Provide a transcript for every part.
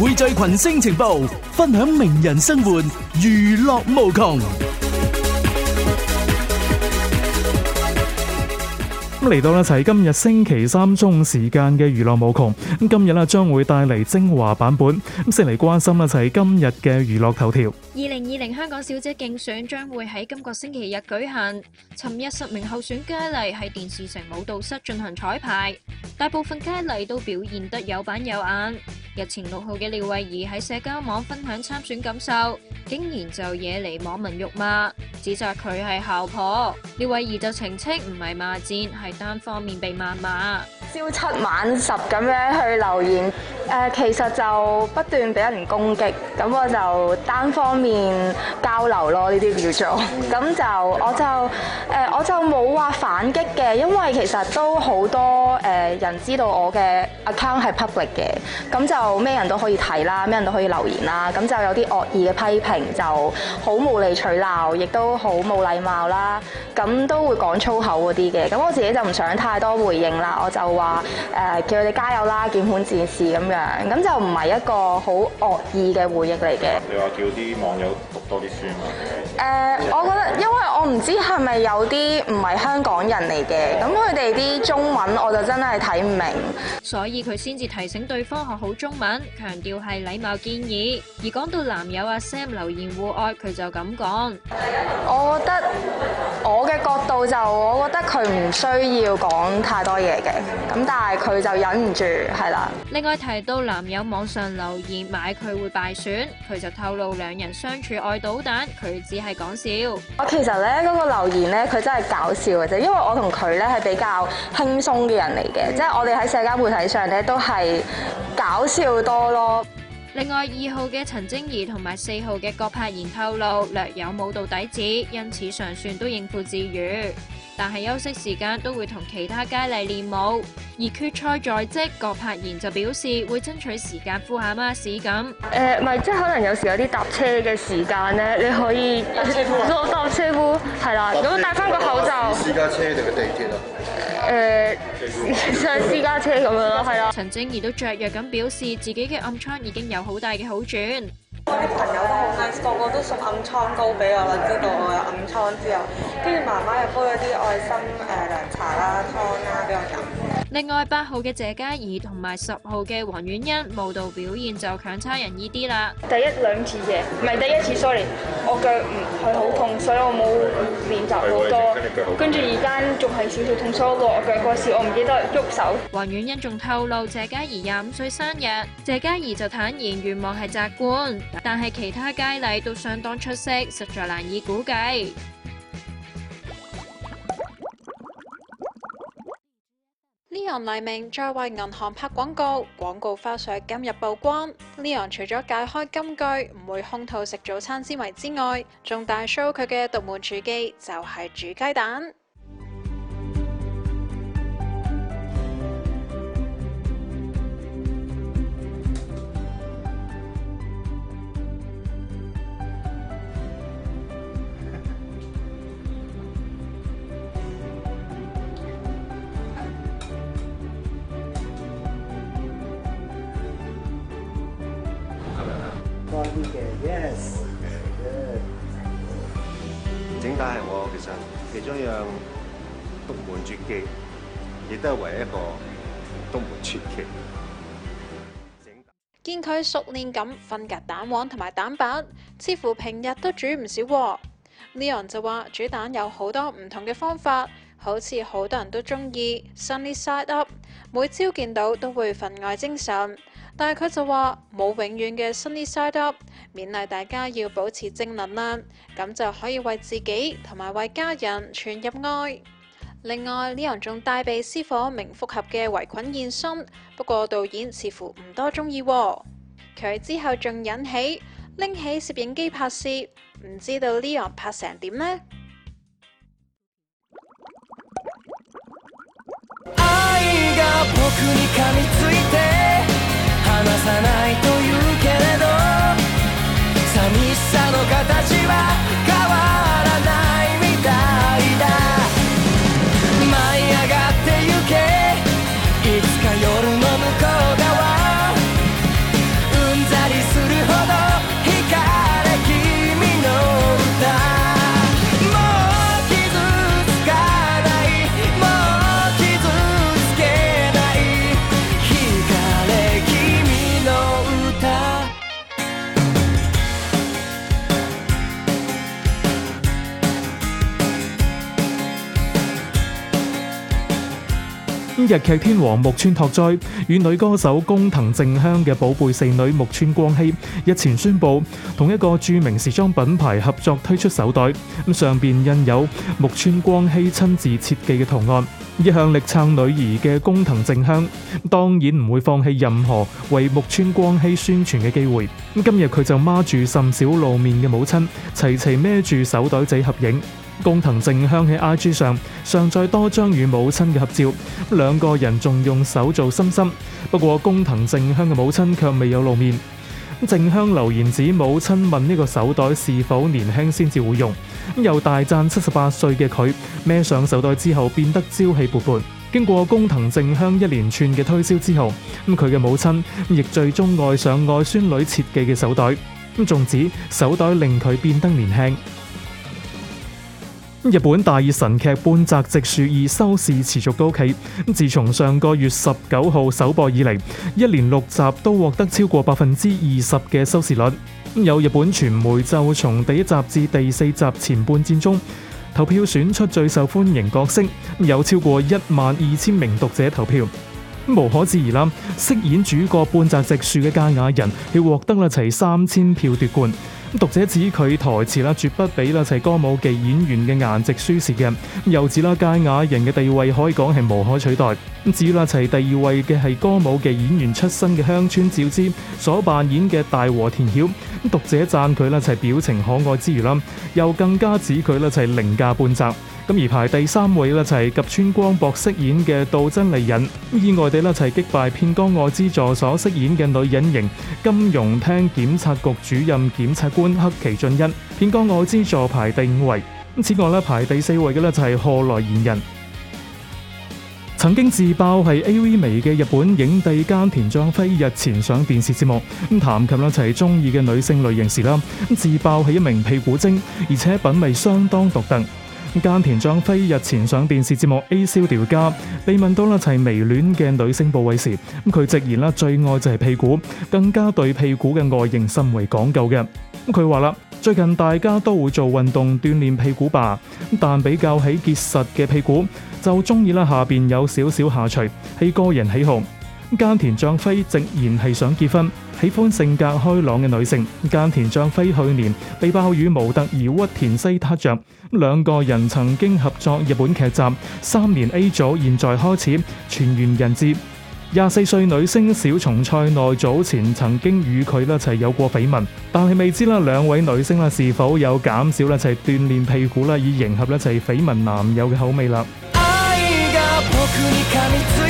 匯聚群星情報，分享名人生活，娛樂無窮。咁嚟到咧，就係今日星期三中午時間嘅娛樂無窮。咁今日咧將會帶嚟精華版本。咁先嚟關心啦，就係今日嘅娛樂頭條。二零二零香港小姐競選將會喺今個星期日舉行。尋日十名候選佳麗喺電視城舞蹈室進行彩排，大部分佳麗都表現得有板有眼。日前六號嘅廖慧儀喺社交網分享參選感受，竟然就惹嚟網民辱罵，指責佢係姣婆。廖慧儀就澄清唔係罵戰，係。單方面被謾罵朝七晚十咁樣去留言，誒、呃、其實就不斷俾人攻擊，咁我就單方面交流咯，呢啲叫做，咁 就我就誒、呃、我就冇話反擊嘅，因為其實都好多誒、呃、人知道我嘅 account 係 public 嘅，咁就咩人都可以睇啦，咩人都可以留言啦，咁就有啲惡意嘅批評就好無理取鬧亦都好冇禮貌啦，咁都會講粗口啲嘅，咁我自己就。就唔想太多回應啦，我就話誒、呃、叫佢哋加油啦，鍵盤戰士咁樣，咁就唔係一個好惡意嘅回應嚟嘅。你話叫啲網友？多啲、uh, 我覺得，因為我唔知係咪有啲唔係香港人嚟嘅，咁佢哋啲中文我就真係睇唔明，所以佢先至提醒對方學好中文，強調係禮貌建議。而講到男友阿 Sam 留言互愛，佢就咁講：我覺得我嘅角度就，我覺得佢唔需要講太多嘢嘅。咁但係佢就忍唔住，係啦。另外提到男友網上留言買佢會敗選，佢就透露兩人相處愛搗蛋，佢只係講笑。我其實咧嗰、那個留言咧，佢真係搞笑嘅啫，因為我同佢咧係比較輕鬆嘅人嚟嘅，嗯、即係我哋喺社交媒體上咧都係搞笑多咯。另外二號嘅陳貞儀同埋四號嘅郭柏妍透露，略有舞蹈底子，因此尚算都應付自如。但係休息時間都會同其他佳麗練舞，而決賽在即，郭柏妍就表示會爭取時間敷下 mask 咁、呃。誒，唔係，即係可能有時有啲搭車嘅時間咧，你可以攞搭 車敷，係啦，咁戴翻個口罩。私家車定個地鐵啊？誒、呃，就係 私家車咁 樣咯，係啊。陳楨怡都雀躍咁表示自己嘅暗瘡已經有好大嘅好轉。我啲朋友都好 nice，個個都送暗瘡膏俾我啦，知道我有暗瘡之後，跟住媽媽又煲咗啲愛心誒涼茶啦。另外八號嘅謝嘉怡同埋十號嘅黃婉欣舞蹈表現就強差人意啲啦。第一兩次嘅，唔係第一次，sorry，我腳唔係好痛，所以我冇練習好多，跟住而家仲係少少痛，所以我腳嗰時我唔記得喐手。黃婉欣仲透露謝嘉怡廿五歲生日，謝嘉怡就坦言願望係摘冠，但係其他佳麗都相當出色，實在難以估計。黎明再為銀行拍廣告，廣告花絮今日曝光。Leon 除咗解開金句唔會空肚食早餐之謎之外，仲大 show 佢嘅獨門廚技，就係、是、煮雞蛋。yes，整蛋係我其實其中一樣獨門絕技，亦都係唯一個獨門絕技。見佢熟練咁分隔蛋黃同埋蛋白，似乎平日都煮唔少喎。Leon 就話煮蛋有好多唔同嘅方法。好似好多人都中意 sunny side up，每朝見到都會份外精神。但係佢就話冇永遠嘅 sunny side up，勉勵大家要保持正能量，咁就可以為自己同埋為家人傳入愛。另外 Leon 仲帶備私夥明複合嘅圍裙現身，不過導演似乎唔多中意。佢之後仲引起拎起攝影機拍攝，唔知道 Leon 拍成點呢？日劇天王木村拓哉與女歌手工藤靜香嘅寶貝四女木村光希日前宣布，同一個著名時裝品牌合作推出手袋，咁上邊印有木村光希親自設計嘅圖案。一向力撐女兒嘅工藤靜香當然唔會放棄任何為木村光希宣傳嘅機會。今日佢就孖住甚少露面嘅母親，齊齊孭住手袋仔合影。工藤靜香喺 IG 上上載多張與母親嘅合照，兩個人仲用手做心心。不過工藤靜香嘅母親卻未有露面。靜香留言指母親問呢個手袋是否年輕先至會用，又大贊七十八歲嘅佢孭上手袋之後變得朝氣勃勃。經過工藤靜香一連串嘅推銷之後，咁佢嘅母親亦最終愛上外孫女設計嘅手袋，仲指手袋令佢變得年輕。日本大熱神劇《半澤直樹》二收視持續高企，自從上個月十九號首播以嚟，一連六集都獲得超過百分之二十嘅收視率。有日本傳媒就從第一集至第四集前半戰中投票選出最受歡迎角色，有超過一萬二千名讀者投票。咁無可置疑啦，飾演主角半澤直樹嘅堺雅人，係獲得一齊三千票奪冠。讀者指佢台詞啦，絕不俾啦齊歌舞伎演員嘅顏值輸蝕嘅，又指啦堺雅人嘅地位可以講係無可取代。咁至於啦齊第二位嘅係歌舞伎演員出身嘅香川照之所扮演嘅大和田曉，咁讀者讚佢啦齊表情可愛之餘啦，又更加指佢啦齊凌駕半澤。咁而排第三位就齊及川光博飾演嘅渡真利忍。意外地啦齊擊敗片岡愛之助所飾演嘅女人型金融廳檢察局主任檢察官。潘黑奇俊恩片岡愛之助排第五位。咁此外咧，排第四位嘅咧就係賀來賢人。曾經自爆係 A V 迷嘅日本影帝菅田將暉日前上電視節目，咁談及啦齊中意嘅女性類型時啦，咁自爆係一名屁股精，而且品味相當獨特。咁菅田將暉日前上電視節目 A 銷調加被問到啦齊迷戀嘅女性部位時，咁佢直言啦最愛就係屁股，更加對屁股嘅外形甚為講究嘅。佢話啦，最近大家都會做運動鍛鍊屁股吧，但比較起結實嘅屁股，就中意啦下邊有少少下垂，係個人喜好。菅田將暉直言係想結婚，喜歡性格開朗嘅女性。菅田將暉去年被爆與模特兒堀田茜撻著，兩個人曾經合作日本劇集，三年 A 組現在開始全員人質。廿四歲女星小松菜奈早前曾經與佢一齊有過緋聞，但係未知咧兩位女星咧是否有減少一齊、就是、鍛鍊屁股啦，以迎合一齊緋聞男友嘅口味啦。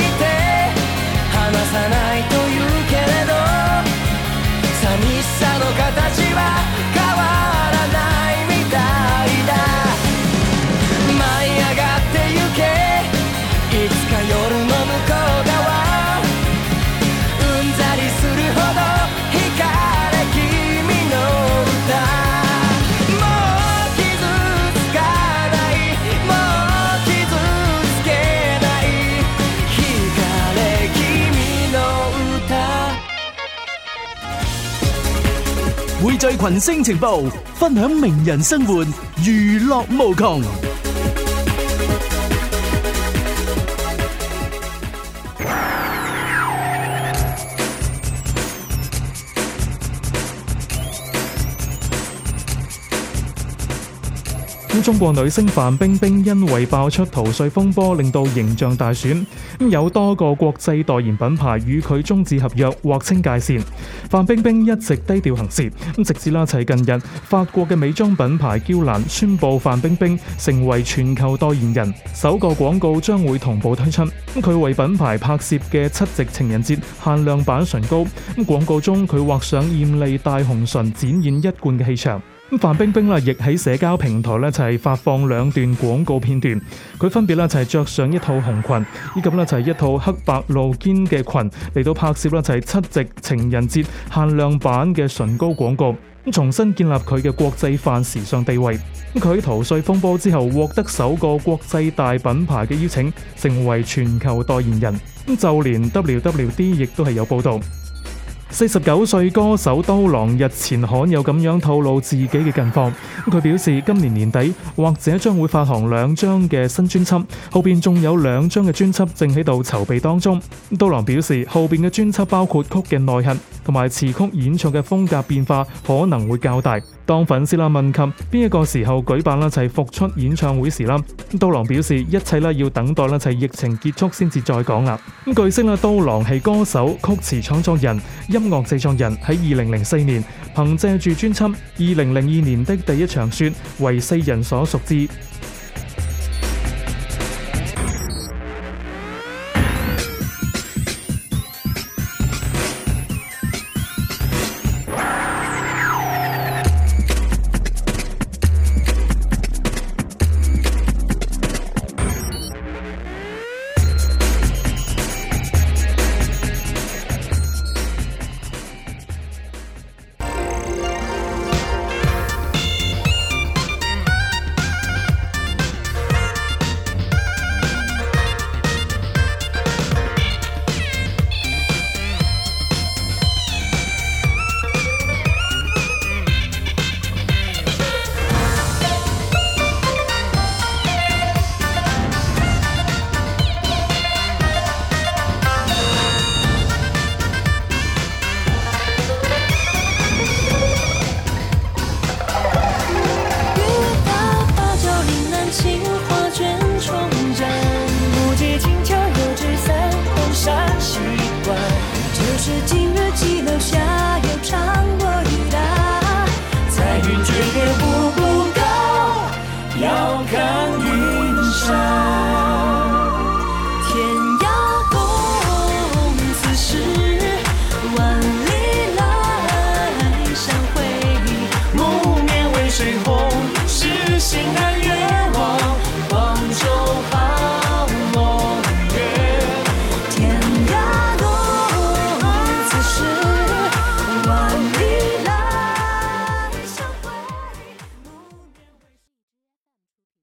匯聚群星情報，分享名人生活，娛樂無窮。咁中國女星范冰冰因為爆出逃稅風波，令到形象大損，咁有多個國際代言品牌與佢終止合約，劃清界線。范冰冰一直低調行事，直至啦，喺近日，法國嘅美妝品牌嬌蘭宣佈范冰冰成為全球代言人，首個廣告將會同步推出。佢為品牌拍攝嘅七夕情人節限量版唇膏，咁廣告中佢畫上艷麗大紅唇，展現一貫嘅氣場。范冰冰啦，亦喺社交平台咧，就係發放兩段廣告片段。佢分別咧就係着上一套紅裙，以及咧就係一套黑白露肩嘅裙嚟到拍攝啦，就係七夕情人節限量版嘅唇膏廣告。咁重新建立佢嘅國際範時尚地位。佢喺逃稅風波之後，獲得首個國際大品牌嘅邀請，成為全球代言人。咁就連 WWD 亦都係有報道。四十九歲歌手刀郎日前罕有咁樣透露自己嘅近況，佢表示今年年底或者將會發行兩張嘅新專輯，後邊仲有兩張嘅專輯正喺度籌備當中。刀郎表示後邊嘅專輯包括曲嘅內核同埋詞曲演唱嘅風格變化可能會較大。當粉絲啦問及邊一個時候舉辦啦就係復出演唱會時啦，刀郎表示一切啦要等待啦就係疫情結束先至再講啦。咁據悉啦，刀郎係歌手、曲詞創作人、音樂製作人，喺二零零四年憑借住專輯《二零零二年的第一場雪》為世人所熟知。